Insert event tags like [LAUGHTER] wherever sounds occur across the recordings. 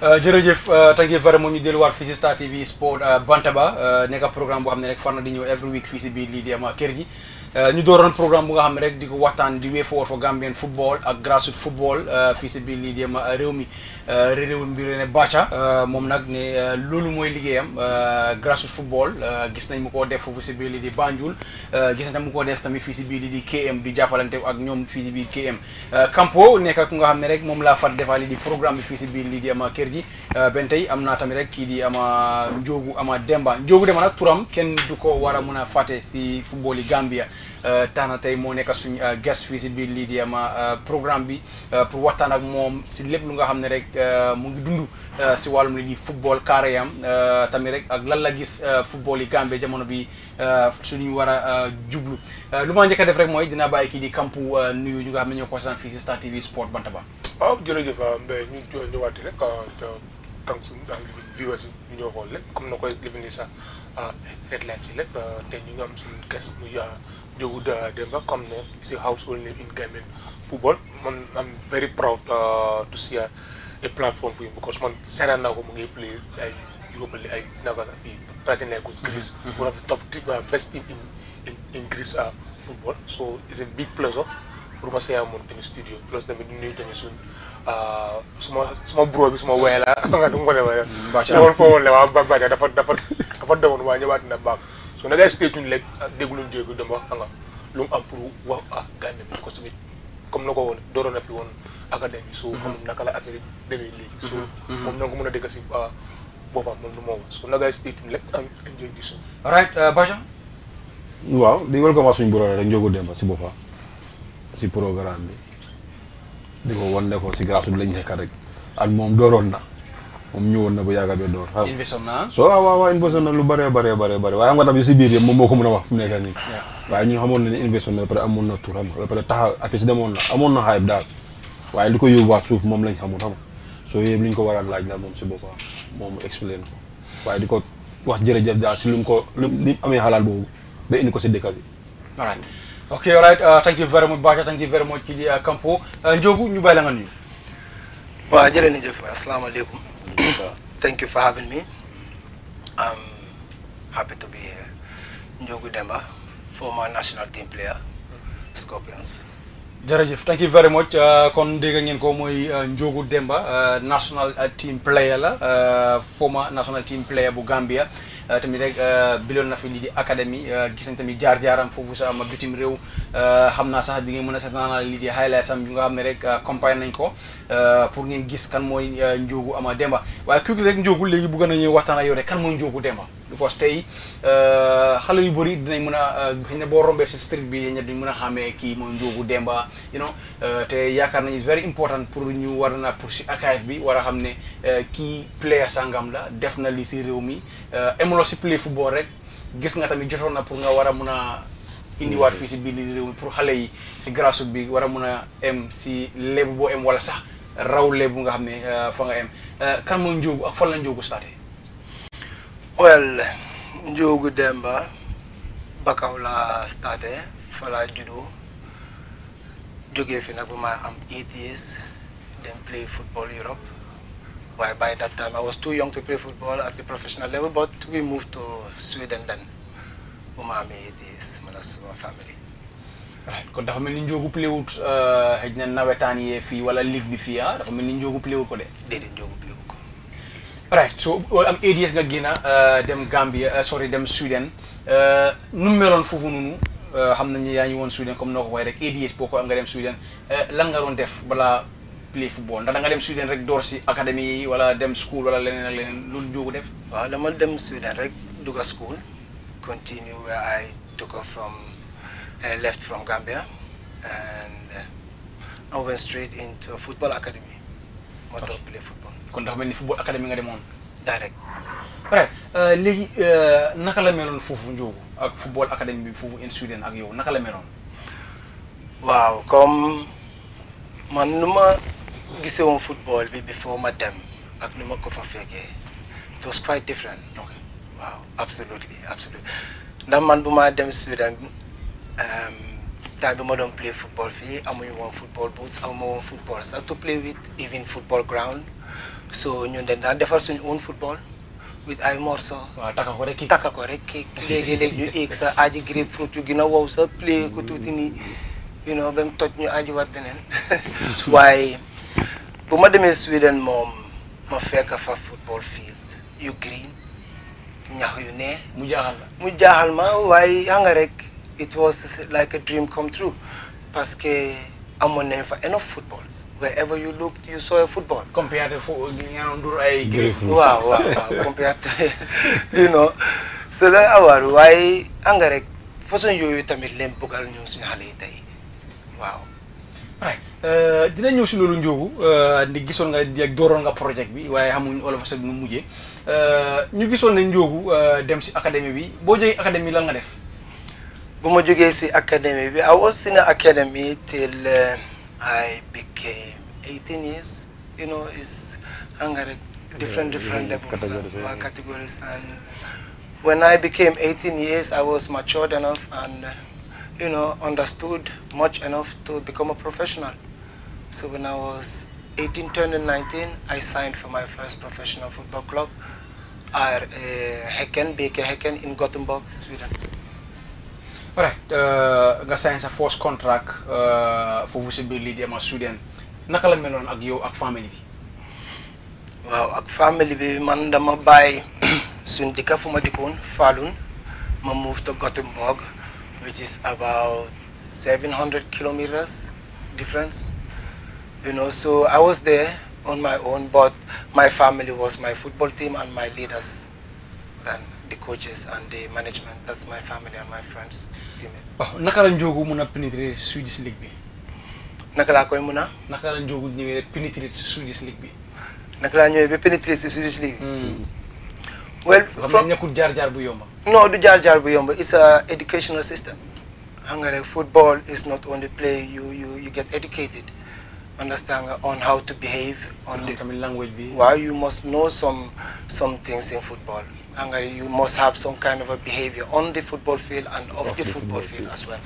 Euh, jërëjëf thank you very much ñu delluwaat fii si Star TV Sport euh, Bantaba euh, nekk programme boo xam ne rek far na di ñëw every week fii si biir lii di am kër gi ñu dooroon programme bu nga xam ne rek di ko waxtaan di way forward for Gambian football ak grassroots football fii si biir lii di am réew mi. Euh, René Wimbi René Bacha euh, moom nag ne euh, loolu mooy liggéeyam grassroots football gis nañ mu koo def foofu si biir di Banjul gis nañ mu koo def tamit fii si biir li di KM di jàppalante ak ñoom fii si biir Campo nekk ku nga xam ne rek moom laa fat defal li di programme bi fii si biir li di ama kër ji benn tey am naa tamit rek kii di ama Njoogu ama Demba Njoogu Demba nag turam kenn du ko war a mun a fàtte si football yi Euh, tax na tey moo nekk suñ euh, guest visite bi lii di ama euh, programme bi pour waxtaan ak moom si lépp lu nga xam ne rek mu ngi dund si wàllum li di football carré tamit rek ak lan la gis football yi Gambie jamono bi suñu war a jublu lu ma njëkk a def rek mooy dina bàyyi kii di kampu nuyu ñu nga xam ne ñoo ko seetaan fii si banta ba Sport Bantaba. waaw jërëjëf Mbaye ñu ñëwaati rek tànk suñu viewers ñu ñoo xool rek comme na koy devenir sax headlines yi rek te ñu ngi am suñu guest muy Yehuda Demba comme name. si a household name in Gambian football. Man, I'm very proud uh, to see a, a platform for him because man, Sarah Nago Mungi play uh, Europa League. I never feel Latin like with Greece, mm-hmm, mm-hmm. one of uh, best team in in, uh, football. So it's a big pleasure. Ruma Seya Mun in the studio. Plus, the new thing is soon. suma suma bro bi suma waay la xam nga nu mu ko defee. Mbacca la woon foo woon la waa Mbacca dafa dafa dafa demoon waa ñëwaat na Mbacca. so next stage like ah, dégluñ jéegu dem wax anga lu mu am pour wax ah gars yi ko tamit comme na ko woon dooroon mhm. naka la affaire demee léegi so mhm. Mhm. moom na ko mën a dégg si ah, boppam moom nu moo so na guys stay tuned rek am ah, enjoy this song right euh, Bajan waaw di welcome waa suñu bureau rek Ndiogou Demba si boppam si programme bi di ko wan ne ko si grâce la lañ rek ak moom dooroon na moom woon na bu yàgg a ba door. inveson naa so waaw waaw waaw inveson na lu bëree bëree bëree bëri waaye xam nga tam si biir yëpp moom moo ko mën a wax mu nekk nii. waaye ñun xamoon na ne inveson na ba amoon na tur xam nga ba pare si demoon na amoon na xayib daal waaye li ko yóbbuwaat suuf moom lañ xamul xam nga soo yëpp li ñu ko war a laaj la moom si boppam moom mu expliqué ko waaye di ko wax jërëjëf daal si lu mu ko lu mu amee xalaat boobu ba indi ko si dëkk bi. alright ok alright uh, thank you very much Bacha thank you very much ci uh, uh, ñu bàyyi la nga nuyu. waaw jërëjëf asalaamaaleykum Thank you for having Demba, former national team player, very much uh, kon dégg ngeen ko mooy uh, Njogu Demba uh, national team player la former national team player bu Gambia. Euh, tamit rek euh, biloon na fi lii di académie euh, gis nañ tamit jaar-jaaram foofu sa ma bitim réew xam naa sax di ngeen mën a seetaan lii di highlights am yu nga xam ne rek campagne nañ ko pour ngeen gis kan mooy Njoogu Ama Demba waaye kii rek Njoogu léegi bëgg nañu waxtaan ak yow rek kan mooy Njoogu Demba because tey xale yu bëri dinañ mën a na boo rombee si bi xëy na mën a xàmmee kii mooy Njoogu Demba you te yaakaar nañu very important pour ñu war na pour si archive bi war a xam ne kii player sangam la def na lii si réew mi mënuloo si play football rek gis nga tamit jotoon na pour nga war a mun a indiwaat fii si biir réew mi pour xale yi si grassroots bi war a mun a em si lebu boo em wala sax raw lebu nga xam ne euh, fa nga em euh, kan mooy Njoogu ak fan la Njoogu starté well Njoogu Demba Bakaw la starté fa laa juddoo jógee fi nag bu ma am eight years dem play football Europe Why by that time I was too young to play football at the professional level, but we moved to Sweden then. Umami it mel ni Ndiogou play wut euh, xëj nawetaan yee fii wala ligue bi fii ah, mel ni Ndiogou play wut ko de. déedéet ko. right so am eight years nga génn euh, dem Gambia euh, sorry dem Sweden nu mu meloon foofu noonu xam nañu yaa ngi woon Sweden comme noo ko waxee rek eight years boo ko am nga dem Sweden lan nga doon def balaa. play football ndax da nga dem Sweden rek door si académie yi wala dem school wala leneen ak leneen loolu jógu def. waaw dama dem Sweden rek dugg school continue where I took off from eh, left from Gambia and eh, I went straight into football academy. ma door play football. kon ndax mel ni football academy nga demoon. direct. bref eh, léegi naka la meloon foofu njóogu ak football academy bi foofu in Sweden ak yow naka la meloon. waaw comme man nu ma. gisee woon football bi before ma dem ak nu ma ko fa fekkee it was quite different. ndax man bu ma dem Sweden um, temps bi ma doon play football fii amuñu woon football boots amuma woon football sax to play with even football ground so ñun dañ daan defar suñu own football with ay morceau. waaw takka ko rek kii rek kii [LAUGHS] léegi-léegi ñu eeg sa aji grapefruit yu gën a wow sa play ko tuuti nii ba mu toj ñu ajiwaat beneen [LAUGHS] [LAUGHS] waaye. bu ma demee Sweden moom ma fekk fa football field yu green ñax yu ne. mu jaaxal la mu jaaxal ma waaye yaa nga rek it was like a dream come true parce que amoon nañ fa enough footballs wherever you looked you saw a football. compared to ay. waaw waaw waaw compared [LAUGHS] you know c'est la awar waaye anga rek façon yooyu tamit leen bëggal ñun suñu xale yi tey waaw. Euh, dina ñëw si loolu njóobu euh, di gisoon nga di dooroon nga projet bi waaye xamuñ olof sax nu mujjee euh, ñu gisoon ne njóobu dem si académie bi boo jógee académie lan nga def. bu ma jógee si académie bi I was in academy till uh, I became 18 years you know uh, categories when I became 18 years I was matured enough and. Uh, you know, understood much enough to become a professional. So when I was I signed for my first professional football club, at uh, Hecken, in Gothenburg, Sweden. Alright, uh, nga sign sa contract uh, for visibility di Sweden. Naka la meloon ak yow ak family bi? Waaw, ak family bi [CLEARS THROAT] ma dikkoon Falun ma move to Gothenburg. which is about 700 kilometers difference. You know, so I was there on my own, but my family was my football team and my leaders, the coaches and the management. That's my family and my friends, teammates. waaw oh, naka la Ndiogou mun a pénétrer Swedish League bi. naka laa koy Swedish League bi. naka laa ñëwee Swedish League. well xam ne nekkul jaar jaar bu yomba. non du jaar jaar bu yomba it's a educational system xam nga rek football is not only play you you you get educated understand on how to behave. on the tamit language bi. waaw you must know some some things in football. xam nga you must have some kind of a behavior on the football field and off the football field as well.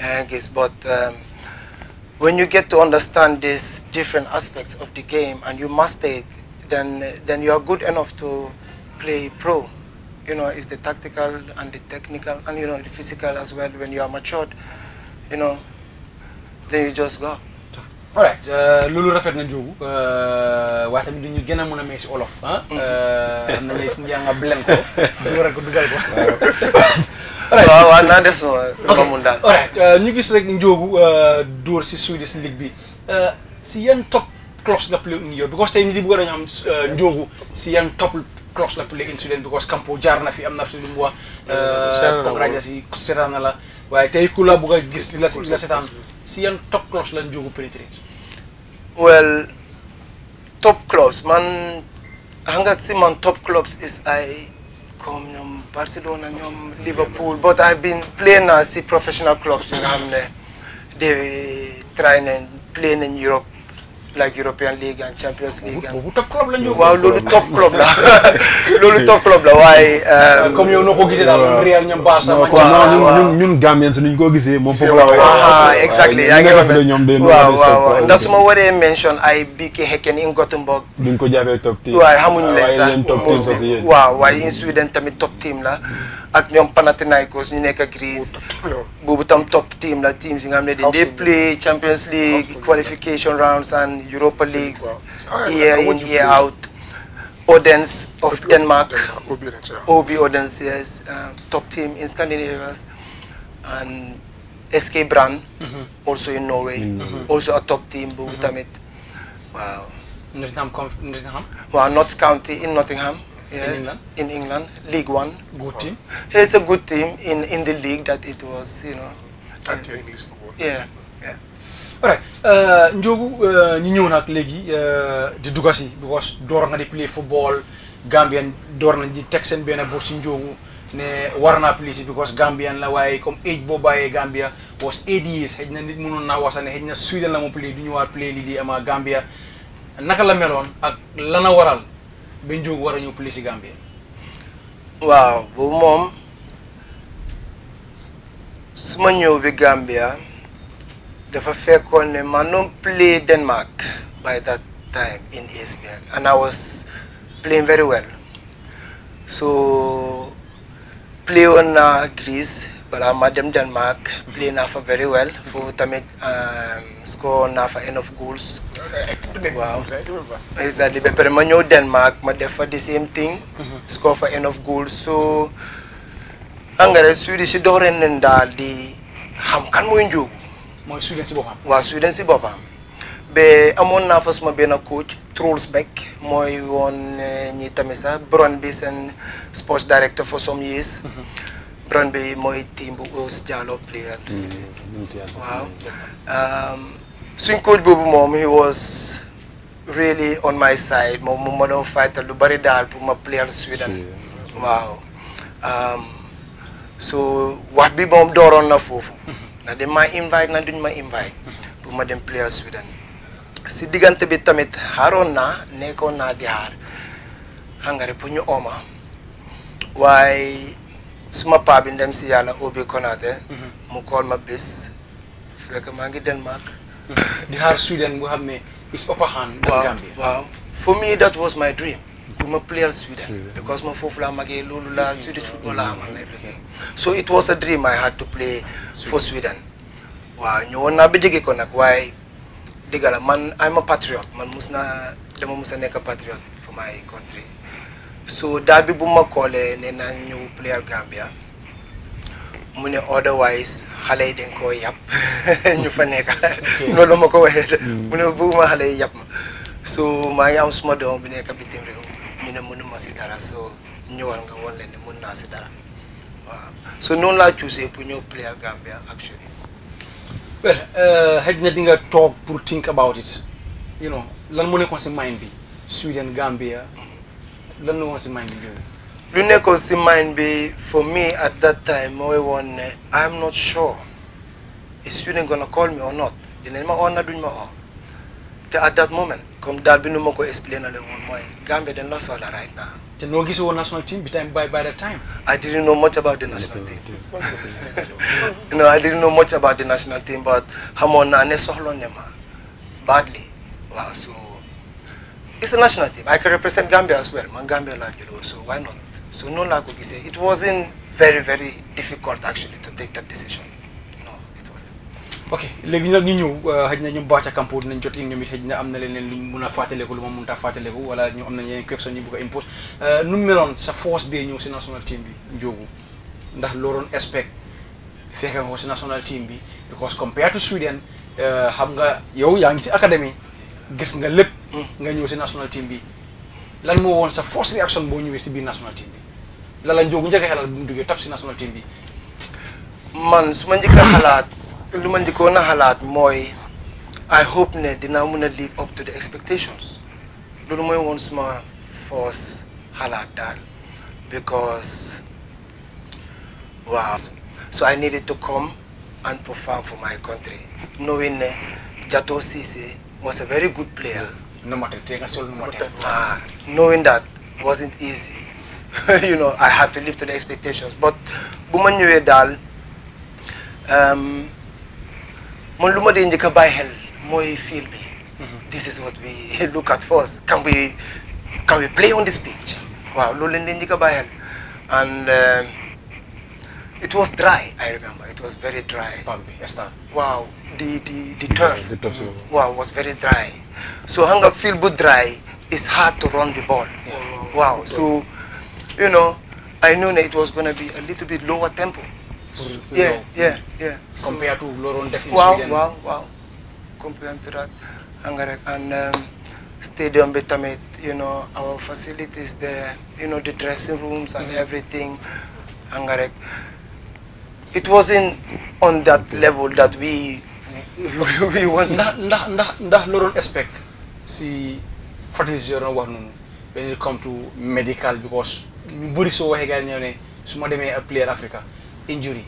yaa ngi gis but. Um, when you get to understand these different aspects of the game and you master it, then then you are good enough to play pro. You know, it's the tactical and the technical and, the physical as well. When you are matured, you know, then you just go. alright euh, loolu rafet na Ndiogu euh, waaye tamit du ñu gën a mën a may si olof ah. Mm-hmm. Euh, am na fu mu jàng bilen [LAUGHS] ko dugal [LAUGHS] naa des daal. ñu gis rek Ndiogu dóor si Swedish League bi si yan top clubs la play in Europe because tey nit yi bëgg nañu xam si yan top. cross la play incident because Kampo jaar na fi am na fi lu mu wax. Euh, euh, seetaan si seetaan na la waaye tey ku la bugg a gis li la si la seetaan si yan top cross lañ jógu pénétré. well top clubs man xam nga si man top clubs is ay comme ñoom Barcelona ñoom Liverpool but I've been playing na si professional clubs yi nga xam ne de try nañ play nañ Europe. like European League and Champions League. boobu top la ñu. waaw loolu top club la [LAUGHS] loolu top club la waaye. Ah, um, comme yow noo ko gisee daal ñun Real ñoom Barça. ñun ñun Gambien si ñu ko gisee moom foofu la. Ah, waaw ah, exactly yaa ngi rafet waaw waaw ndax su ma waree mention ay BK Häcken in Gothenburg. duñ ko jàppee top team. waaye xamuñu leen sax waaye waaw waaye in Sweden tamit top team la. ak ñoom Panathinaikos ñu nekk Greece boobu tam top team la teams yi nga xam ne dañ dee play Champions League qualification rounds and Europa Leagues ah, year in year out Odense of Denmark OB Odense uh, top team in Scandinavia and SK Brann mm-hmm. also in Norway mm-hmm. also a top team boobu mm-hmm. tamit waaw Nottingham Nottingham Yes, in England. In England, League One. Good team. It's a good team in in the league that it was, you know. At uh, English Yeah. yeah. All right. Uh, uh, ñi ñëw nag léegi uh, di dugga si because door nga di play football Gambian door nañ di teg seen benn bopp si Njogu ne war naa play si because Gambian la waaye comme age boo bàyyee Gambia was eight years xëy na nit mënoon naa wasa ne xëy na Sweden la mu play du ñëwaat play lii di ama Gambia naka la meloon ak lana waral. ba Ndioug war a ñëw plus si Gambie. waaw bu moom su ma ñëw bi Gambia dafa fekkoon ne man doon play Denmark by that time in Esbjerg and I was playing very well so play woon naa Greece. balaa ma dem Denmark play naa fa very well foofu tamit um, score naa fa enough goals waaw exactly ba pare ma ñëw Denmark ma def fa the same thing score fa enough goals so engrais Sweden si doxalee nañ daal di xam kan mooy njóogu mooy Sweden si boppam waaw Sweden si boppam ba amoon naa fa suma benn coach Trollsbæk mooy woon eh, ñi tamit sax Brøndby seen sports director for some years patron bi mooy team bu Ous Diallo player. Mm, mm, mm, waaw um, suñ coach boobu moom he was really on my side moom mu ma doon fightal lu bari daal pour ma player Sweden waaw um, so wax bi moom dooroon na foofu [LAUGHS] ndax dañ ma invite na duñ ma invite pour ma dem player Sweden si diggante bi tamit xaaroon naa nekkoon naa di xaar xam pour ñu ooma waaye suma paa bi ndem si yàlla Obi Konaté mhm. mu kool ma bés fekk maa ngi Denmark mhm. di xaar Sweden bu xam ne is opaxaan dem Gambia that was my dream pour ma playal Sweden because ma foofu laa magee loolu la mhm. Swedish football laa amal everything so it was a dream I had to play for Sweden waaw ñëwoon naa ba jege ko nag waaye dëgg la man I'm a patriot man mus na dama mus a nekk patriot for my country so bi bu ma koolee ne naa ñëw player Gambia mu ne otherwise xale yi dañ koo yàpp [LAUGHS] ñu fa nekk [LAUGHS] noonu la ma ko waxee mm. mu ne bëgguma xale yi yàpp ma so maa ngi am suma doom bi nekk bitim réew ñu ne mënuma si dara so ñëwal nga woon la ne mën naa si dara waaw so noonu laa choosee pour ñëw player Gambia actually well uh, xëj na di toog pour think about it you know lan mu nekkoon si mind bi Sweden Gambia mm-hmm. lan la woon si mind bi lu nekkoon si bi for me at that time mooy woon ne eh, I'm not sure is student gonna call me or not dinañ ma oo na duñ ma oo te at that moment comme daal bi nu ma ko explain ale woon mooy Gambia dañ la soxla right now te noo gisoo national team bi time by by that time [LAUGHS] I didn't know much about the national team but xamoon naa ne soxloon ne ma badly waaw so it's a national team I can represent Gambia as well man Gambia laa juddoo so why not so noonu laa ko gisee it wasn't very very difficult actually to take that decision no it ok léegi nag ñu ñëw euh, xëy na ñoom Bacha Kampo dinañ jot in ñoom it na am na leneen mun a fàttaliku lu ma mënut a fàttaliku wala ñu am na yeneen question ñu bëgg a impose euh, nu mu meloon sa force day ñëw si national team bi njóogu ndax looloon doon expect fekk nga si national team bi because compared to Sweden euh, xam nga yow yaa ngi si académie. gis nga lépp. Mm. nga ñëw si national team bi lan moo woon sa force réaction boo ñëwee si biir national team bi lan la njóogu njëkk a xalaat bu mu duggee tap si national team bi. man su ma njëkk a xalaat lu ma njëkkoon a xalaat mooy I hope ne dinaa mun a live up to the expectations loolu mooy woon suma force xalaat daal because waaw. so I needed to come and perform for my country knowing ne Jato Ceesay. was a very good player. No matter, take us all, no matter. Ah, uh, knowing that wasn't easy. [LAUGHS] you know, I had to live the expectations. But bu ma ñëwee daal um, man lu ma dee njëkk bàyyi xel mooy field bi. Mhm. this is what we [LAUGHS] look at first. can we can play on this pitch. waaw loolu lañ leen njëkk a bàyyi xel and uh, it was dry I remember it was very dry. the the the turf. Yeah, the turf. Wow, was very dry. So hanga field but dry, it's hard to run the ball. Yeah. Wow. wow. So, you know, I knew that it was gonna be a little bit lower tempo. So, yeah, yeah, yeah. So, compared to Loron Def in wow, Sweden. Wow, wow, Compared to that, hanga and um, stadium betamit, you know, our facilities there, you know, the dressing rooms and mm -hmm. everything, hanga It wasn't on that level that we ndax ndax ndax ndax loolu expect si Fatis Dior wax noonu when it come to medical because ñu bëri soo waxee gars yi su ma demee player Africa injury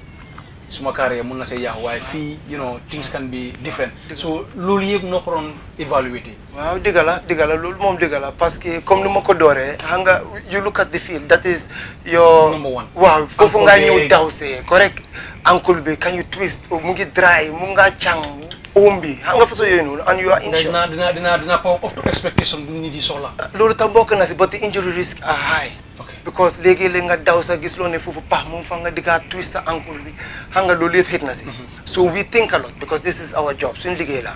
suma carrière mun na say yàqu waaye fii you know things can be different so loolu yëpp noo ko doon évaluer waaw digala la loolu moom dëgg parce que comme ni ma ko dooree xam nga you look at the field that is your number one waaw foofu nga ñëw daw see correct ankle bi can you twist oh, mu ngi dry mu nga càng om bi xam nga façon and you are injured soxla loolu tam bokk na si but the injury risk are high because léegi léegi nga daw sa gis loo ne foofu pax moom fa nga diggaa twist sa ankle bi xam nga loolu yëpp hit si mhm. so we think a lot because this is our job suñ liggéey la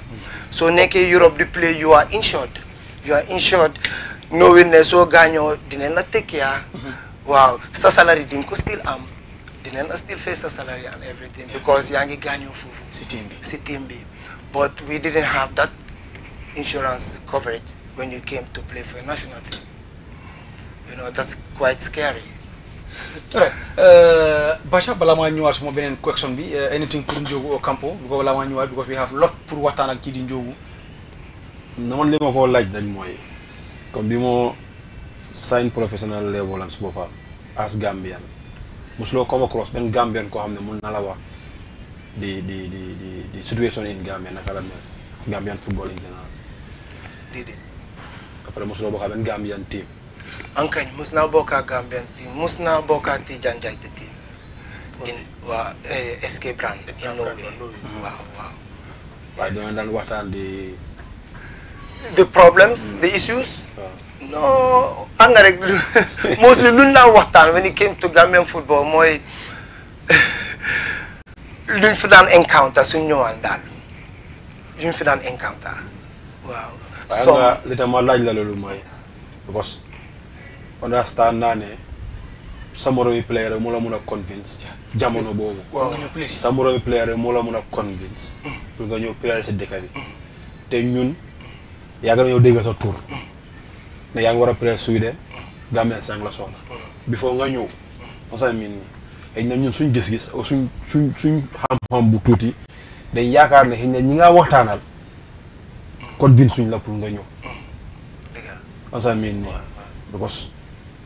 soo nekkee Europe di play you are insured you are insured knowing ne soo gaañoo dinañ la take care mhm. waaw sa salary di ko still am dinañ la still face sa salary and everything because yaa ngi gaañoo foofu si team si team bi but we didn't have that insurance coverage when you came to play for a national team know that's quite scary. [LAUGHS] right uh, Bacha balaa maa ñëwaat suma beneen question bi uh, anything pour Njogu au Campo bu ko balaa maa ñëwaat because we have lot pour waxtaan ak laaj mooy comme bi moo sign professional level am su boppam as Gambian mosuloo come across benn Gambian koo xam ne mun na la wax di di di di di situation in Gambia naka la mel Gambian football in général. déedéet. après mosuloo bokk benn Gambian team. ankañ mus naa bokk ak Gambian team mus naa bokk ak Tijan Jaite team. in waa eh, waaw waaw. waxtaan di. the problems hmm. the issues. non [LAUGHS] mostly luñ daan waxtaan when it came to Gambian football mooy [LAUGHS] luñ fi encounter suñ ñëwaan daal luñ encounter waaw. understand naa ne sa moromi player moo la mun a convince jamono boobu sa moromi player moo la mun a convince mm. pour nga ñëw player si dëkk bi mm. te ñun yàgg nañoo dégg sa tur mm. ne yaa ngi war a player Sweden Gambia sang la soxla before nga ñëw masa min ñi xëy na ñun suñ gis-gis suñ suñ suñ xam-xam bu tuuti dañ yaakaar ne xëy na ñi ngaa waxtaanal convince suñ la pour nga ñëw masa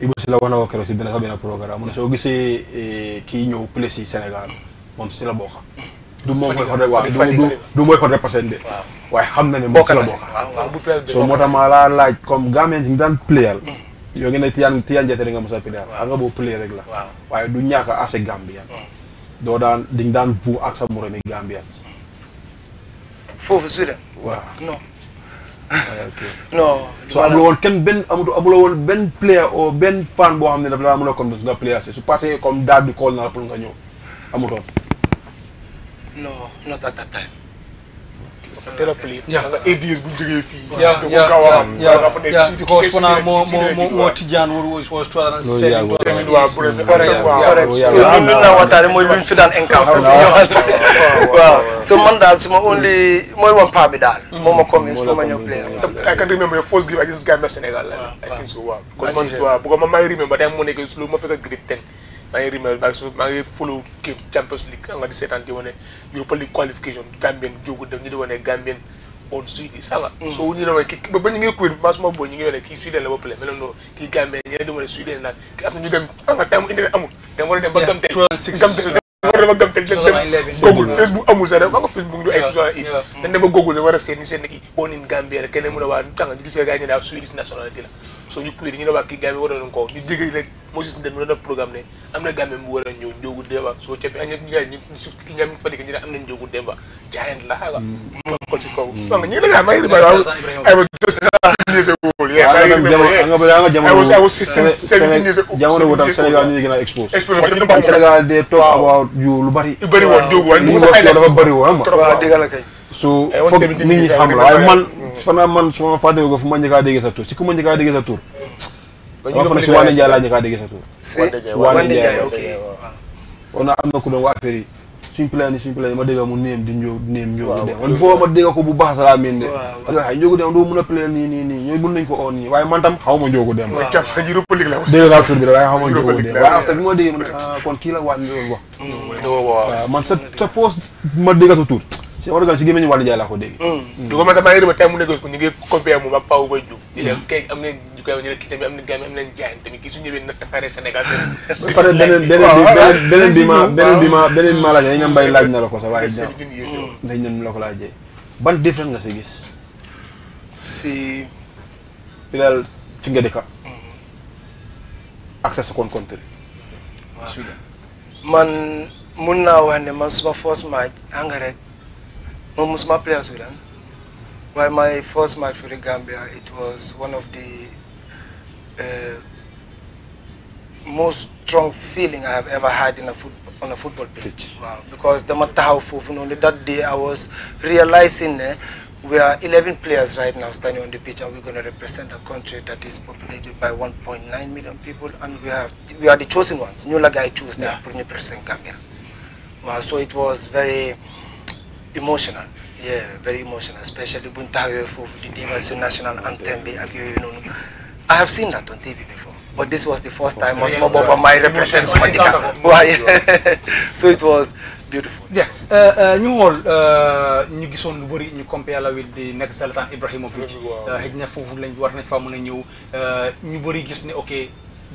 Ibou Sylla wax na ko keroog si benn sax benn programme mu ne soo gisee eh, kii ñëw plé si Sénégal moom si la bokk. du moom mooy xot rek waaw du du mooy xot rek de waaye xam na ne moom si la bokk so moo tax maa laa laaj comme gamen si ngi daan pléyal yoo ngi ne tiyaan tiyaan jatari nga mos a pléyal a nga boo plé rek la waaye du ñàkk a assez Gambian doo daan di daan vu ak sa moromi Gambian foofu su waaw non non. soo amuloo woon kenn benn amatu amuloo benn player oo benn fan boo xam ne dafa laa mën a convaincre nga player su passé comme daal di kool na la nga ñëw amutoon. non not at that so man daal suma only mooy woon paa bi daal mm. moo ma convince pour ma ñëw player I can remember first game against Gambia Sénégal I think so a kon man waaw bu ko ma may remember time mu nekk lu ma fekk grade 10 maa ngi rimé maa maa ngi follow kii Champions League sanga di seetaan di wane Europa League qualification Gambien jógu def ñu di wane Gambien on Sweden sanga so ñu doon wane kii ba ñu ngi kuir ma suma boy ñu ngi wane kii Sweden la ba pare mel noonu kii Gambien ñeneen di wane Sweden la kii am ñu dem xam nga time internet amul dem war a dem ba gamte war na ma teg dem google facebook amul sax rek xam nga war a seeni seen i on in Gambie rek kenn mu ne waa tànga gis nga ñu daa Swedish nationalité la so ñu kuyi ñu ne waa kii Gambie war nañ ko ñu dégg rek Moses Nden mu def programme ne am na Gambie mu war a ñëw Njoogu Demba soo cappi añ ñu nga fa dikk am na Njoogu Demba giant la xaga kon si kaw nga ñi la gaa maa ngi ay jamono boobu tam Sénégal ñu ngi gën a exposé. Sénégal day talk about yu lu bari. yu bari woon jóg waaye sa dafa bari woon. waaw dégg foog nit ñi xam la waaye man. fanaa man su ma fàtte ko fu ma njëkkaa déggee sa tur si ku ma a déggee sa tur. ba ñu doon fële si Wane Ndiaye laa a déggee sa tur. Wane Ndiaye ok Wane Ndiaye ok. am na ku doon waa affaire yi suñ plan suñ plan ma dégg mu néem di ñëw dem man foo ma dégg ko bu baax salaa miin de waaye njóogu dem doo mën a plan nii nii ñooy mën nañ ko ma njóogu dem dégg ah, mm, ma njóogu si war nga jaay laa ko dégg mm, koy wax ñu ne kii tamit am na gars yi am nañ jaay tamit na tasaare Sénégal. beneen bi ma beneen bi ma beneen bi ma laajee dañ na mbay laaj na la ko sax waaye dañ na la ko ban différence nga si gis si di daal ak sa second country man mun naa wax ne man suma first match Angare moom suma player Sudan. While my first match for the Gambia, it was one of the uh, most strong feeling I have ever had in a foot on a football pitch. waaw because dama taxaw foofu noonu that day I was realizing ne we are 11 players right now standing on the pitch and we're going to represent a country that is populated by 1.9 million people and we are the chosen ones ñu la gars yi choose ne pour ñu represent Gambia waaw so it was very emotional yeah very emotional especially buñ taxawee foofu di déggal su national anthem bi ak noonu I have seen that on TV before, but this was the first time Osmo Bopamay represents Madika. so it was beautiful. Yeah. Uh, uh, ñu xool uh, ñu gisoon lu bëri ñu compare la with the next Zlatan Ibrahimovic. xëy na foofu lañ war nañ faa mën a ñëw ñu bëri gis ne ok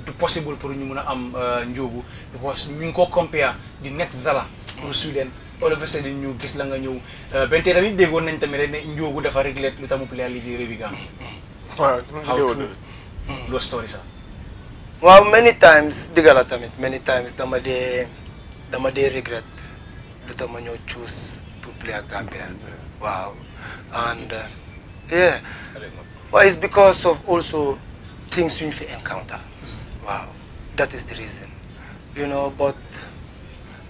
du possible pour ñu mën a am njugu because ñu ngi ko compare di next Zala pour Sweden. all of a sudden ñu gis la nga ñëw benn tamit déggoon nañ tamit rek ne njóobu dafa régler lu tamu Premier League di Hmm. loo story sax waaw many times digga la tamit many times dama dee dama dee regret lu tax ma ñëw choose pour ak Gambia waaw and uh, yeah well it's because of things yuñ fi encounter hmm. waaw that is the reason you know but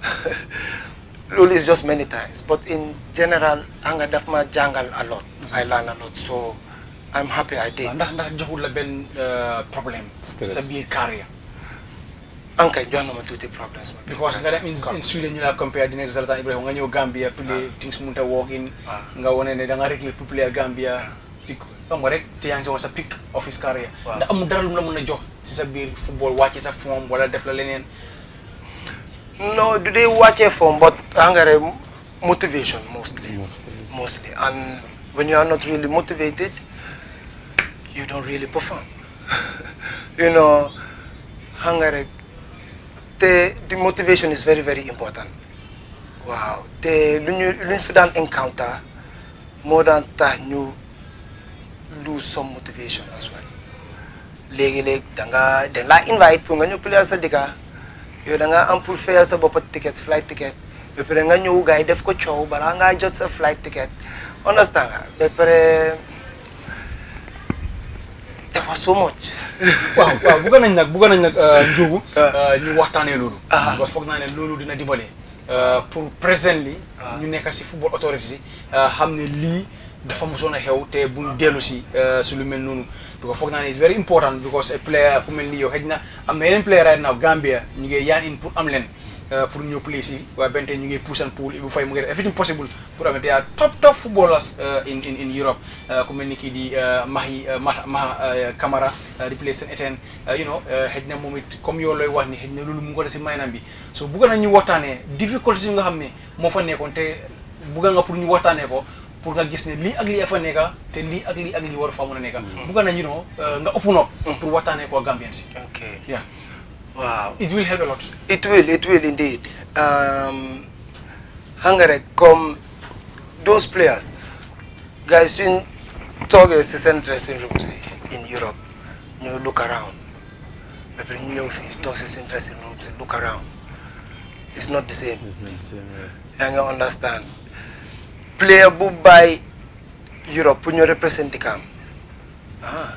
[LAUGHS] loolu is just many times but in general anga daf ma jàngal a I learn a so I'm happy I did. ndax ndax joxul la benn euh, problème. sa biir carrière. ankay jox na ma tuuti problème sama biir. because nga dem in Sweden ñu la compare di nekk Zlatan Ibrahima nga ñëw Gambia. play ah. things mun ta walk in. Ah. nga wane ne da nga réglé pour player Gambia. di ah. xam nga rek te yaa ngi si sa peak of his carrière. ndax amul dara lu la mën a jox si sa biir football wàcce sa form wala def la leneen. non du dee wàccee form but engrais motivation mostly. mostly and when you are not you don't really perform. [LAUGHS] you know, hunger, the, the motivation is very, very important. Wow. The Lunfidan encounter more than that you lose some motivation as well. léegi léegi da nga dañ laa invite pour nga ñëw plier sa dëkka yow da nga am pour fayal sa boppa ticket flight ticket ba pare nga ñëw gars yi def ko coow balaa ngaa jot sa flight ticket understand nga ba pare dafa so much. waaw nañ nag bëgg nañ nag euh, Ndiogou. Ah. Euh, ñu waxtaanee loolu. ba ah. foog naa ne loolu dina dimbale. Euh, pour presently ah. ñu nekk si football authority xam ne lii dafa mosoon a xew te buñ dellu si su lu mel noonu because foog naa ne is very important because player ku mel ni yow xëj na am na yeneen player right now Gambia ñu ngi yaan in pour am leen. Euh, pour ñu plaisi waa Bente ñu ngi push and pull Ibou Faye mu ngi def pour am they are top top footballers euh, in in in Europe euh, ku mel ni kii max Mahi kamara Camara replace Sène Étienne you know xëj na moom it comme yow looy wax ni xëj na loolu mu ngi ko def si maynam bi so bugg na ñu waxtaanee difficultés yi nga xam ne moo fa nekkoon te bugg nga pour ñu waxtaanee ko pour nga gis ne lii ak lii fa te lii ak lii ak lii war fa mën a nekka mm-hmm. bugg na ñu noo nga ëpp nopp mm-hmm. pour waxtaanee ko Gambien si waaw it will help a lot. it will indeed. xam um, nga those players gars yi suñ toogee si seen dressing rooms yi in Europe ñu look around ba pare ñu ñëw fii toog dressing rooms look around it's not the same. yaa nga understand. player bu bàyyi Europe pour ñu représenter camp ah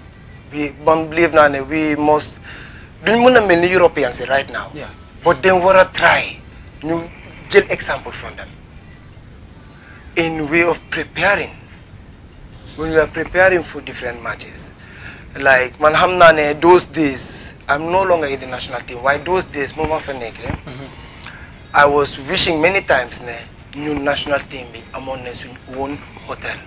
we man believe naa ne we most. duñ mën a mel ni Europeans right now. Yeah. but dem war try ñu jël example from them. in way of preparing when we are preparing for different matches like man xam naa ne those days I'm no longer in the national team waaye those days moo ma fa nekkee. Mm-hmm. I was wishing many times ne national team bi amoon nañ suñ own hotel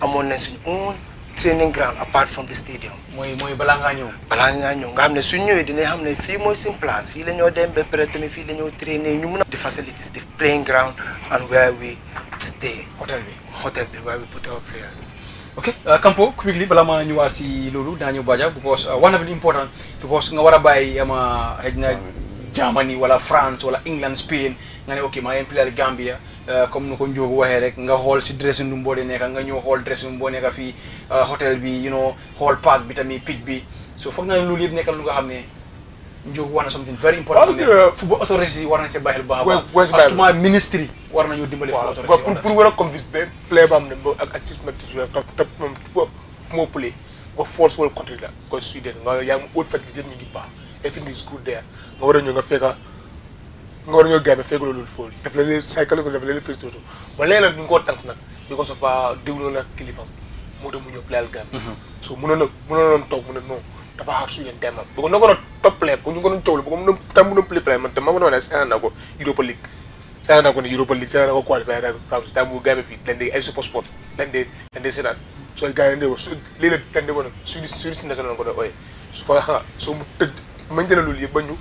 amoon nañ own. training ground apart from the stadium. mooy mooy balaa ngaa ñëw. balaa ngaa ñëw nga xam ne suñ ñëwee dina xam ne fii mooy suñ place fii la ñoo dem fii la ñoo ñu mun a. the facilities the playing ground and where we stay. hôtel bi hôtel bi where we put our players. ok Kampo euh, quickly balaa maa ñëwaat si loolu daañu baaja because euh, one of the important because nga war a bàyyi ama xëy na Germany wala France wala England Spain nga ne ok maa ngi Euh, comme ni ko Ndiogu waxee rek nga xool si dressing room boo dee nekka nga ñëw xool dressing room nekka fii hôtel euh, bi you know xool park bi tamit picc bi so foog naa ne loolu yëpp nekkal lu nga xam ne Ndiogu wax na something very important football authorities yi war nañ see bàyyi xel bu baax a baax parce que ministre yi war nañoo dimbale football authorities pour pour war a convince ba player ba am ne ak actis mactis top top moom fo moo play nga force la nga Sweden nga yaa ngi baax nga war a ñoo gàdde feegaloo loolu fóol daf la leen psychologue daf la leen firi surtout ba léegi nag ah, kilifam moo tax mu ñëw playal gàdde mhm. so mënoon na mënoon noon toog mu ne non dafa a tam a play man te soo mu tëj mañ jëlee loolu yëpp ba ñu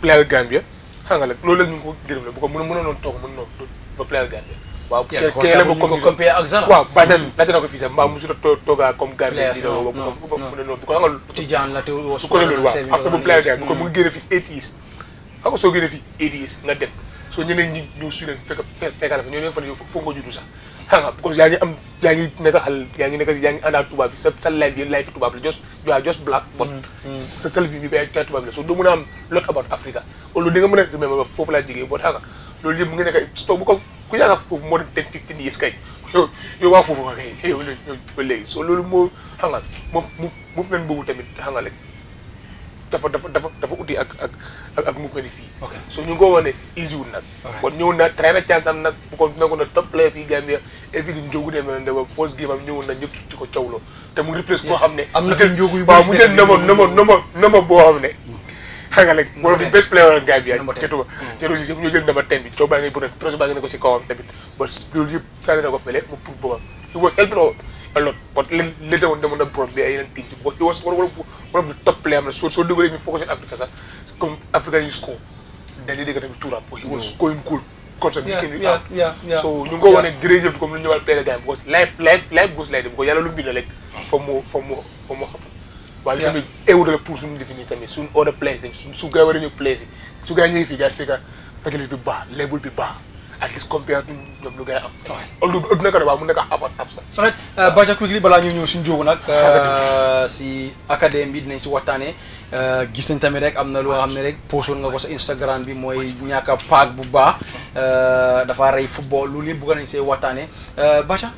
playal Gambia xam nga loolu la ñu ko gërëm la bu ko mën a mënoon toog mën noo ba playal Gambie waaw ba comme ak Zara hmm. ko fii sax mbaa mosu la toogaa comme Gambie di ko mën a noonu la te su ko loolu waaw après bu playal Gambie bu ko mu ngi génne fii eight years xam soo génne fii eight years nga dem soo ñëw su leen fekk fekkala foog nga juddu sax xam nga because yaa ngi am yaa ngi yaa ngi nekk yaa ngi ànd ak tubaab bi sa sa life bi life tubaab la just you are just black but mm, mm. sa sa vie bi ba ay tubaab la so doo mën a am lot about Africa loolu di nga mën a remember foofu laa jigee boo xam nga loolu yëpp mu ngi nekk stock bu ko ku yàgg foofu moo ten fifteen years kay yow waa foofu nga kay yow ba léegi so loolu moo xam movement boobu tamit xam nga dafa dafa dafa dafa uti ak ak ak ak mouvement yi fii. so ñu ngi ko wane easy wul nag. kon ñëw na traîner chance am nag bu ko nekkoon na top player fii Gambia évité ne ba first game am na ñëpp di ko cawloo te mu replace koo xam ne. am na fi njóogu yu bëri mu jël numéro numéro numéro numéro boo xam ne. xam nga nag boo di best player Gambia tetuba bu si loolu yëpp sànni na ko mu pour boobam su ko help a lot but leen later on demoon na borom bi ay yeneen team ci but he was one of top player am na soo soo déggee ñu focus in Africa sax comme Africa yi score dañuy dégg tamit turam but bi kenn out ñu ngi ko wane jërëjëf comme ñu ñëwal player gars because life life life goes like because yàlla lu bind rek fa moo fa moo fa moo xam waaye tamit ewu la pour suñu lifi nii tamit suñu other place lañ su gars war a ñëw place yi su gars ñëwee fii gars fekka facilité bi baax bi baax at least compared to ñoom lu ngay am. waaw ne waaw mu nekk avat absa. so nag Bacha quickly balaa ñuy ñëw si njóobu nag. Ah, euh, si académie bi dinañ si waxtaanee. Euh, gis nañ tamit rek am na loo xam ne rek posoon nga ko sa Instagram bi mooy ñàkk a paak bu baax. Euh, dafa rey football loolu yëpp bëgg nañ see waxtaanee Bacha.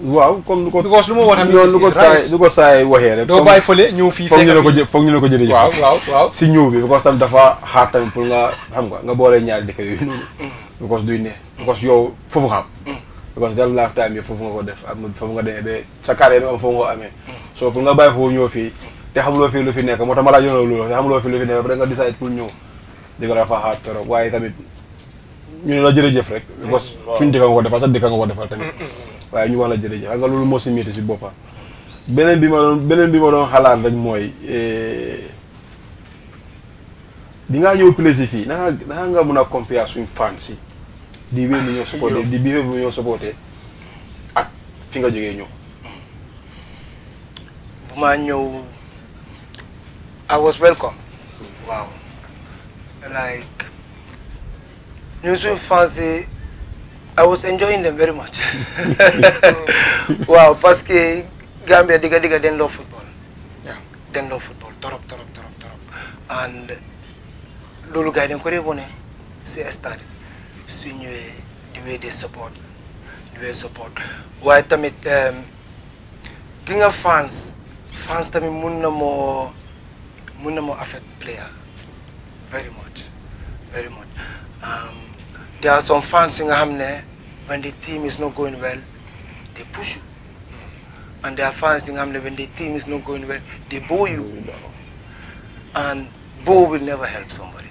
waaw comme lu ko. because lu ma war a am lu ko saay waxee rek. doo bàyyi fële ñëw fii fekk foog ñu foog ñu ne ko jëlee. waaw waaw waaw si ñëw bi because tam nga xam nga nga boole ñaari dëkk yooyu noonu. Mm. because duy ne. yow foofu nga xam. Mm. because dal lifetime yi foofu nga ko def am foofu nga demee ba sa carrière bi am foofu nga ko amee. Mm. soo pour nga bàyyi foofu ñëw fii. te xamuloo fii lu fi nekk moo tax ma laa yónnee loolu te xamuloo fii lu fi nekk ba nga décide pour ñëw di ko dafa xaar trop waaye tamit ñu ne la jërëjëf rek. because suñ dëkk nga ko defal sa dëkk nga ko defal tamit waaye ñu wax la jërëjëf nga loolu moo si métti si boppam beneen bi ma doon beneen bi ma doon xalaat mooy eh, bi ngaa ñëw plaisir fii naka naka nga mun a compare suñu fans yi di wéy mu ñoo supporté di biir mu ñoo supporté ak fi nga jóge ñëw. bu maa ñëw I was welcome. waaw like ñun suñu fans yi I was enjoying them very much. waaw parce que Gambia digga digga den love football. waaw den love torop torop torop torop. and loolu gars yi dañ ko dee wone si stade su ñëwee di wee des support di wee support waaye tamit ki nga fans fans tamit mun na moo mun na moo affect player very much very much. there are some fans yi nga xam ne. when the team is not going well, they push you. And there are fans in Hamlet, when the team is not going well, they boo you. And boo will never help somebody.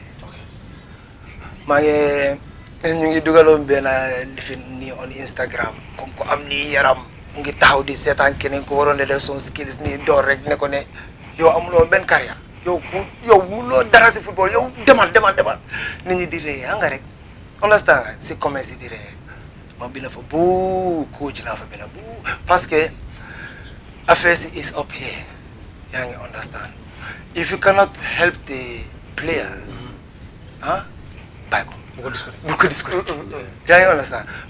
maa ngi ñu ngi dugaloon benn uh, lifin nii on Instagram comme ko am nii yaram mu ngi taxaw di seetaan keneen ko waroon de def some skills nii door rek ne ko ne yow amuloo benn carrière yow ku yow mënuloo dara si football yow demal demal demal nit ñi di rëy nga rek understand si commerce yi di rëy mabila fa beaucoup jilaafa bila beaucoup parce que affairs is up here yaa ngi understand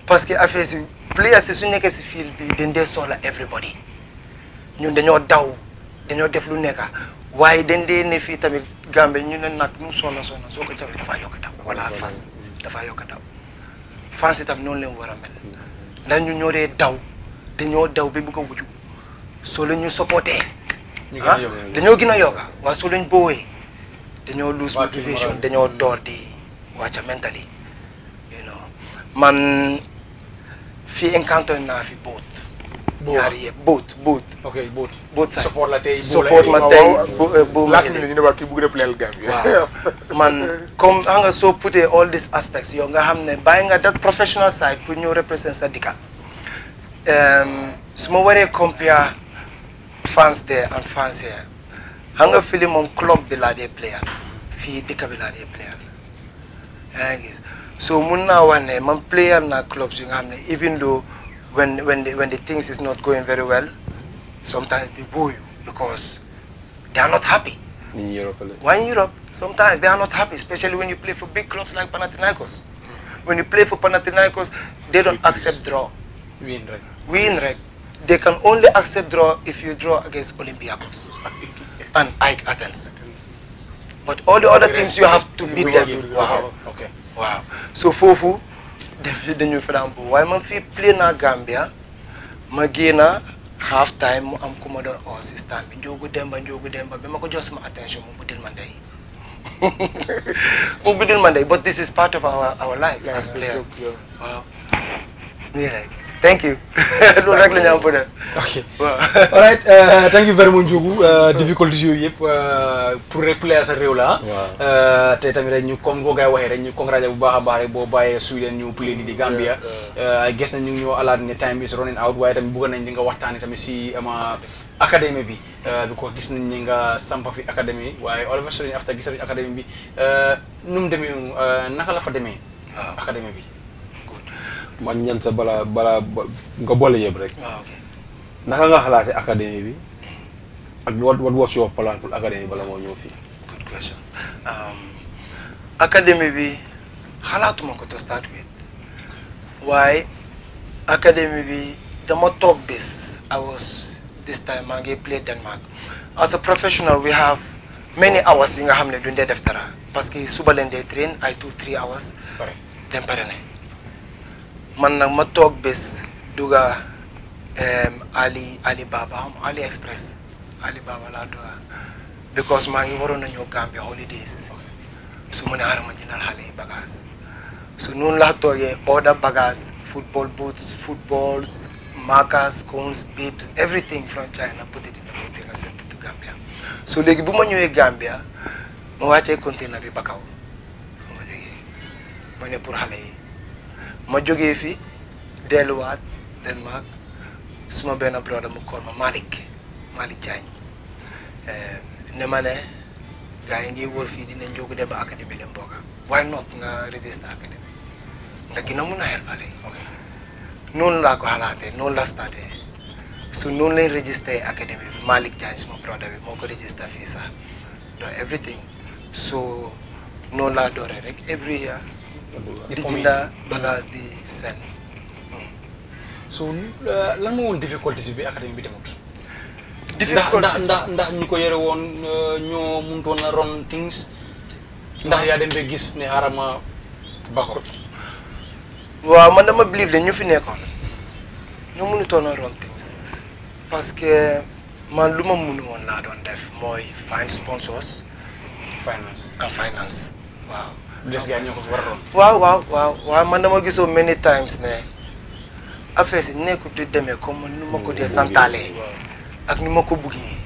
parce que affaires yi players si su nekkee si field bi dañ dee everybody ñun dañoo daw dañoo def lu nekk waaye dañ dee ne fii tamit Gambie ñu ne nag mu sonna sonna soo ko jawee dafaa yokk daw wala fas mm-hmm. dafaa yokk daw fans itam noonu leen war a mel ndax ñu ñoo dee daw te ñoo daw ba bu ko wuju soo leen ñu supporté ah, dañoo gën a yokka waaye soo leen boowee dañoo lose motivation dañoo door di wàcca mentally you know man fii encounter naa fi boot ñaari yëpp boot boot. ok boot. boot saa support la tey support ma tey bu eh, ma man comme xam nga soo putee all these aspects yow nga xam ne bàyyi nga dat professional side pour ñëw represent sa dëkk. su ma waree compare fans there and fans here xam nga fili moom club bi laa dee player fii dëkk bi laa dee player yaa ngi gis so mun naa wax ne man player naa clubs yi nga xam ne even though when when the, when the things is not going very well, sometimes they boo you because they are not happy. In Europe, why in Europe? Sometimes they are not happy, especially when you play for big clubs like Panathinaikos. Mm. When you play for Panathinaikos, they don't accept draw. if you draw against Olympiacos [LAUGHS] and Ike Athens. But all the other things you have to beat them. Wow. So Fofu, dañu flambeau waaye man fii play naa Gambia ma génna half time mu am ku ma doon oo si stand bi Demba Njoogu Demba bi ma ko jox sama attention mu buddil ma ndey [LAUGHS] mu buddil ma ndey but this is part of our our life as players waaw nii rek thank you [LAUGHS] loolu rek la ñu am peut être. ok [LAUGHS] waaw all right uh, thank you very much Ndiogou. Uh, yooyu yëpp uh, pour replayer sa réew la ah. te tamit rek ñu comme ko gars yi waxee rek ñu congrats bu baax a baax rek boo bàyyee Sweden ñu play di di Gambia. Uh, gis nañ ñu ngi ñoo alaat ne time is running out waaye tamit bëgg nañ di nga waxtaanee tamit si ama um, uh, académie bi. bi ko gis nañ ni nga sampa fi académie waaye all of a sudden after gis nañ académie bi nu mu demee naka la fa demee. Ah. académie bi. man ñan sa balaa balaa nga boole yëpp rek. Ah, naka nga xalaate académie bi ak what what your plan pour bala moo ñëw fii. good um, bi xalaatuma ko to start with waaye académie bi dama toog bés I was this time maa ngi play Denmark as a professional we have many hours yi nga xam ne duñ dee def tara parce que suba leen dee train ay two three hours. dem pare ne man nag ma toog bés duga Ali Ali Baba xam Ali Express Ali Baba laa duga because maa ngi waroon na ñëw Gambia holidays su mu ne ma jëndal xale yi bagage su noonu laa toogee order bagage football boots footballs markers cones bibs everything from China put it in the container Gambia so léegi bu ma ñëwee Gambia ma wàccee container bi ba ma jógee ma ne pour xale yi ma jógee fi delluwaat Denmark suma benn brother mu kool ma Malick Malick Diagne eh, ne ma ne gars yi ngi wër fii dinañ jóg dem ba académie leen bokka why not nga register académie nga gën a mun a helpale noonu laa ko xalaatee noonu la startee su noonu lañ registré académie bi Malick Diagne suma brother bi moo ko register fii sax donc everything so noonu laa dooree rek every year di jënda bagage di seen so euh, lan moo woon difficultés bi académie bi demut ndax ndax ndax ñu ko yore woon euh, ñoo mënutoon a ron things ndax yaa dem ba gis ne xarama baxut waaw man dama believe de ñu fi nekkoon ñoo mënutoon a ron things parce que man lu ma mënu woon laa doon def mooy find sponsors finance ak ah, finance waaw des gars waaw waaw waaw man dama gisoo many times ne affaire si nekkul di demee comme nu ma ko dee mm-hmm. santaale mm-hmm. ak nu ma ko buggee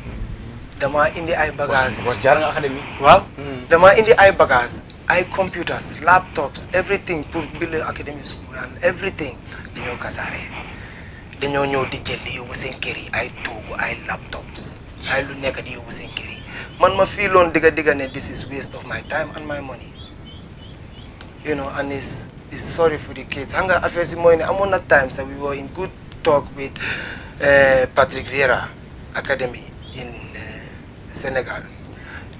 damaa indi ay bagages. waaw jaar nga académie waaw mm-hmm. damaa indi ay bagages. ay computers laptops everything pour bill academy school and everything dañoo kasaare dañoo ñëw di jël di yóbbu seen kër yi ay toogu ay laptops ay lu nekk di yóbbu seen kër man ma fii loon digga digga ne this is waste of my time and my money you know and is sorry for the kids xam nga affaire si mooy time sax we were in good talk with uh, Patrick Vieira academy in uh, Sénégal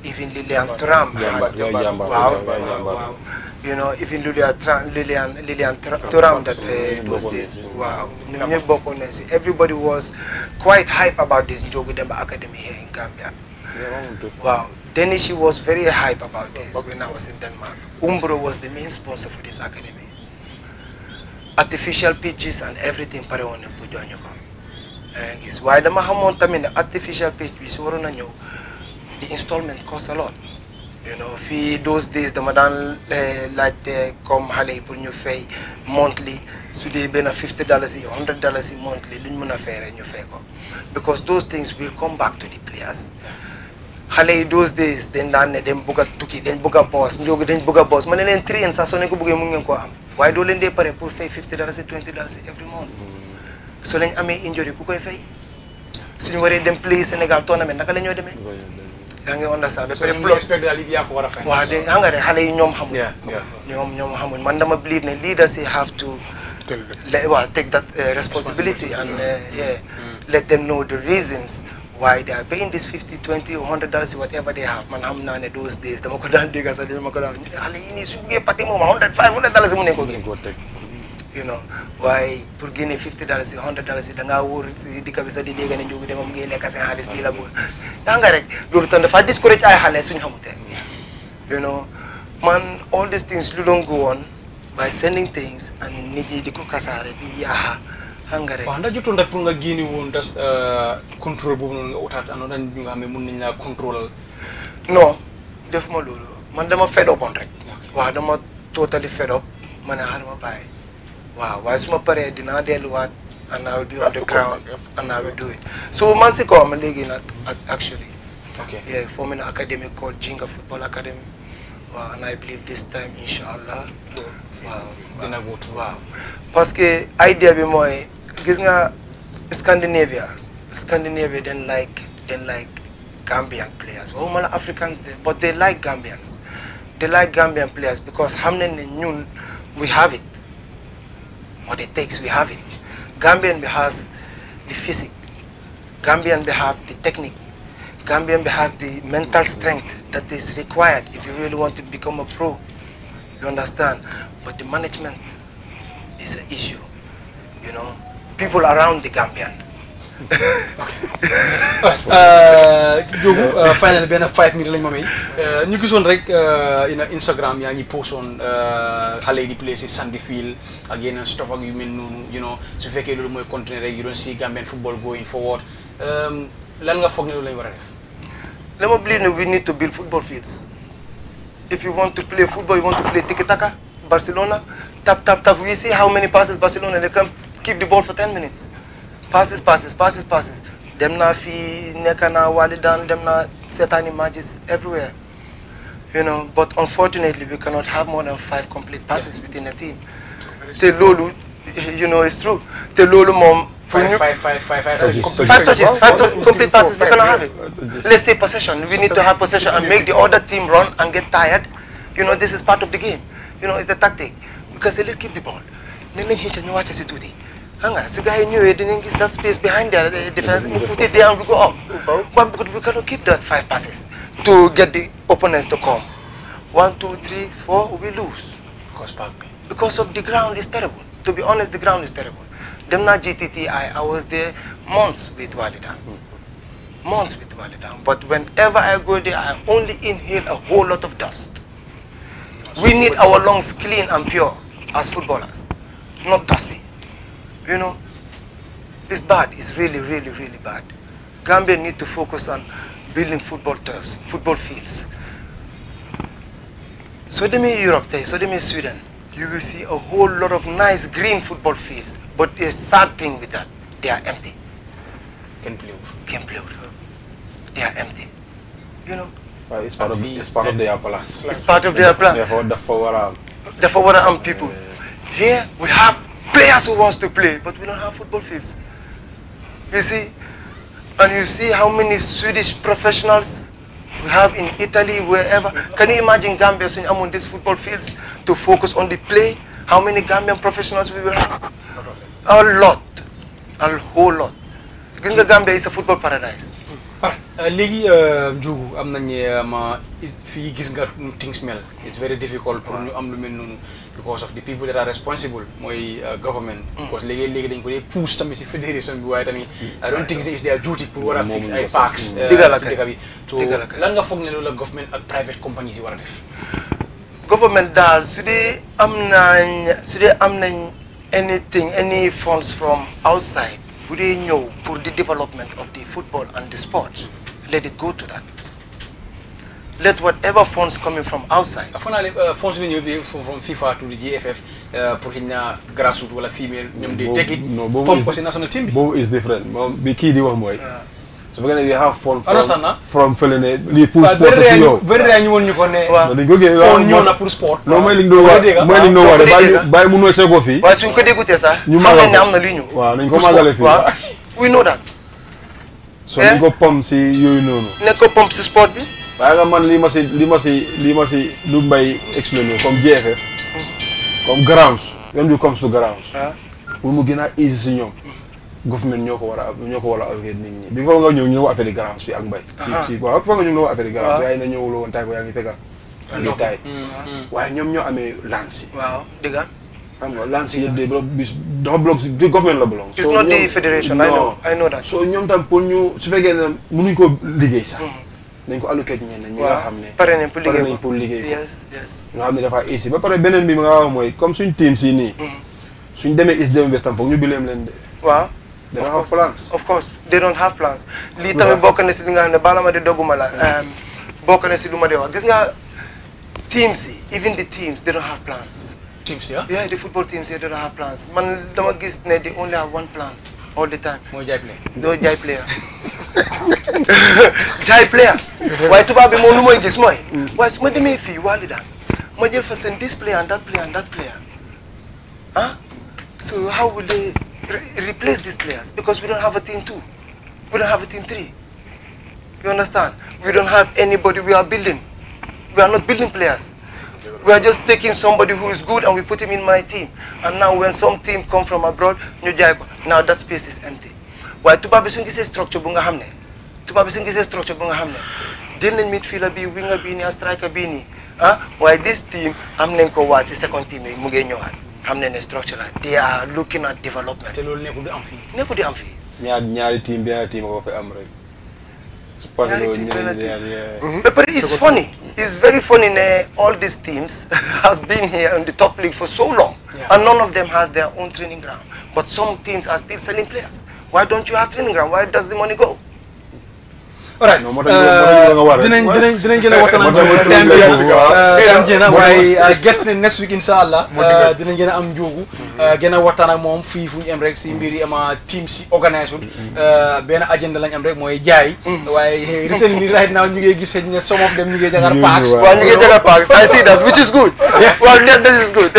even Lilian Thuram waaw waaw you know even Lilian Lilian uh, those days waaw ñoom ñëpp bokkoon nañ si everybody was quite hype about this Njogu Demba academy here in Gambia waaw Danishi was very hype about this when I was in Denmark Umbro was the main sponsor for this academy artificial pitches and everything pare woon nañ pour jox ñu ko yaa eh, ngi gis waaye dama xamoon tamit ne artificial pitch bi su waroon a ñëw di installment cost a lot you know fii those days dama daan eh, laajte comme xale yi pour ñu fay monthly su dee benn fifty dollars yi hundred dollars yi monthly lu ñu mën a fay rek ñu fay ko because those things will come back to the players xale yi those days dañ daan ne dañ bëgg a tukki dañ bëgg a boos njóogi dañ bëgg a boos ma ne leen train sax soo leen ko bëggee mun ngeen koo am waaye doo leen dee pare pour fay fifty dalasi twenty dalasi every mm. ku koy fay suñu waree dem play Sénégal tournament naka la ñoo demee yaa ngi understand ba pare plus waaw xam nga ñoom xamul ñoom ñoom xamul man dama believe ne leaders yi have to waaw take that uh, responsibility and uh, mm. yeah mm. let them know the reasons waaye they are paying this fifty twenty or hundred dollars whatever they have man xam naa ne those days dama ko daan dégg sax dama ko daan xale yi nii mu ne ko génn you know waaye pour génne hundred dollars yi da ngaa wóor si di dégg ne njóogu de moom ngay lekk seen xaalis la bu daa rek loolu tam dafa discourage ay xale suñu xamutee you know man all these things lu go on by sending things and nit di ko kasaare di yaaxa engrais waaw ndax jotoon na pour nga génne woon das euh, contrôle boobu noonu nga utaat anoon dañ ñu nga xam ne mën nañ laa contrôle non def ma loolu man dama fed up on rek waaw dama totally fed up ma ne xaaral ma bàyyi waaw waaye su ma paree dinaa delluwaat and I will do on the ground and I will do it so man si kawam léegi parce que idea bi mooy gis nga Scandinavia Scandinavia den like den like Gambian players waxuma la Africans de but they like Gambian players because xam nañ ne ñun we have it what it takes we have it Gambian bi has the physique Gambian bi have the technique Gambian bi has the mental strength that is required if you really want to become a pro you understand but the management is an issue you know people around the Gambian. Jóobu [LAUGHS] uh, uh, final benn five minutes lañ ma may uh, ñu gisoon rek na Instagram yaa ngi postoon xale yi di play si Sandfield ak yeneen stuff ak yu mel noonu you fekkee loolu mooy continuer rek you don't see Gambian football going forward um, lan nga foog ne loolu lañ war a def dama believe ne we need to build football fields if you want to play football you want to play tiki Barcelona tap tap tap we see how many passes Barcelona they keep the ball for 10 minutes. passes passes passes passes dem naa fii nekk naa wàlli daan dem naa seetaani matches everywhere you know but unfortunately we cannot have more than five complete passes yeah. within a team te loolu you know it's true te loolu moom. five five five five touches five touches five complete passes we cannot have it. let's say possession we need to have possession and make the other team run and get tired you know this is part of the game you know it's the tactic because they let's keep the ball nañ la ñu xëcc ñu wàcc si tuuti. xam nga su gars yi gis that space behind their defense we go up but we cannot keep that five passes to get the opponents to come one two three four we lose because of the ground is terrible to be honest the ground is terrible dem naa GTTI I was there months with months with Walidan but whenever I go there I only inhale a whole lot of dust we need our lungs clean and pure as footballers not dusty You know, it's bad. It's really, really, really bad. Gambia need to focus on building football turfs, football fields. So they mean Europe, so they mean Sweden. You will see a whole lot of nice green football fields. But the sad thing with that, they are empty. Can't play. Can't play. They are empty. You know? Well, it's, part of, it's part of their plans. It's part of their plan. Therefore, the for what I'm people. Eh. Here we have players who wants to play, but we don't have football fields. You see, and you see how many Swedish professionals we have in Italy, wherever. Can you imagine Gambia soon among these football fields to focus on the play? How many Gambian professionals we will have? A lot, a whole lot. Gambia is a football paradise. par euh, léegi euh, Ndiougou am nañu euh, ma fii gis nga things mel it's very difficult pour ñu am lu mel noonu because of the people that are responsible mooy government mm. léegi léegi dañ ko dee pousse tamit si fédération bi waaye tamit mm. I don't think it's their duty pour war a fix ay parks mm. nga foog ne loolu government ak private companies yi war def government daal su dee am nañ su dee am nañ anything any funds from outside bu dee ñëw pour the development of the football and the sport let it go to that let whatever funds coming from outside. Ah, euh, FIFA to the GFF euh, pour xëy na grassroots wala female ñoom di. teg it pompe ko si national team bi. boobu different moom bi kii di wax so we're gonna have phone from from felene li pour sport ci yow very rare ñu woon ñu ko ne phone ñëw na pour sport non mooy li ñu doon wax mooy li ñu doon wax fii waaw suñ ko dégoûté sax ñu magal ne am na luy ñëw waaw nañ ko magale fii waaw we know that ñu eh? ko pom si yooyu noonu ne ko pom si sport bi waaye nga man li ma si li ma si li ma si lu mbay expliqué comme GFF mm. comme grounds when you comes to grounds ah. pour mu gën a easy si ñoom government ñoo ko war a ñoo ko a avouer nit ñi. bi foog nga ñëw ñu ne waa affaire yi garage fii ak mbay. ci ci waaw nga ñu ne waaw yaa ngi ne ñëwuloo woon taay ko yaa ngi fekk ah, mm, mm. ñoom ñoo waaw dëgg la. xam nga de bis dafa bloc si government la bloc. it's not the federation. I ñoom tam pour ñu su fekkee ne mënuñ ko liggéey sax. Mm. nañ ko alloqué ñenn ñi nga xam ne. pare nañ pour liggéey pare nañ pour liggéey yes nga xam ne dafa easy ba pare beneen bi nga wax mooy comme suñ team si nii. suñ demee is dem westam foog ñu bileem leen they don't have plans of course lii tamit bokk na si li nga xam ne bala ma di dogguma la um, bokk na si lu ma di wax gis nga teams yi even the teams they don't have plans teams yeah yeah the football teams yeah, don't have plans man dama gis ne they only have one plan all the time mooy jaay player doo player jaay player [LAUGHS] bi moom lu mooy gis mooy mm. waaye su ma demee fii wàllu daan ma jël fa seen this player and that player and that player ah how will they re replace these players because we don't have a team two. We don't have a team three. You understand? We don't have anybody we are building. We are not building players. We are just taking somebody who is good and we put him in my team. And now when some team come from abroad, ñu jaay ko now that space is empty. waaye tubaab bi suñu gisee structure bu nga xam ne tubaab bi suñu gisee structure bu nga xam ne jël nañ midfielder bii winger bii nii ak striker bii nii ah waaye this team am nañ ko waat si second mu ngi ñëwaat. xam ne ne structure la they are looking at development. te loolu nekkul di am fii. nekkul di am fii. ñaar ñaari team benn team ko it's funny. it's very funny all these teams [LAUGHS] has been here in the top league for so long. and none of them has their own training ground. but some teams are still selling players. why don't you have training ground why does the money go. dinañ dinañ dinañ gën a eh, waxtaan ak Dieng eh, waaye eh, guest ne next week incha allah dinañ gën a am njóogu gën a waxtaan ak moom fii fu ñu am rek si mm-hmm. mbiri ama team si organisé mm-hmm. benn agenda lañ am rek mooy jaay mm-hmm. waaye recently right now ñu ngi gis ne some of them ñu ngi jagar parks waaw ñu ngi jagar parks I see that which is good waaw this is good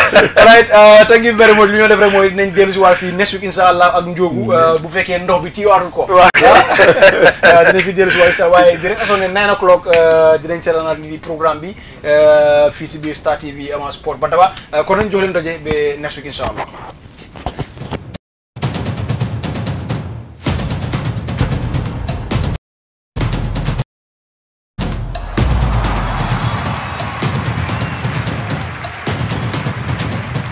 [LAUGHS] right thank you very much li ñu def rek mooy dinañ dellu si waat fii next week incha allah ak njóogu bu fekkee ndox bi tiiwaatul ko [LAUGHS] dinañ fi dellusi waaye sa waaye bi rek asone nine o'clock euh, dinañ seetaanaat ni programme bi euh, fii si biir Star TV avant sport ba daba euh, kon nañ jox leen doje ba next week incha allah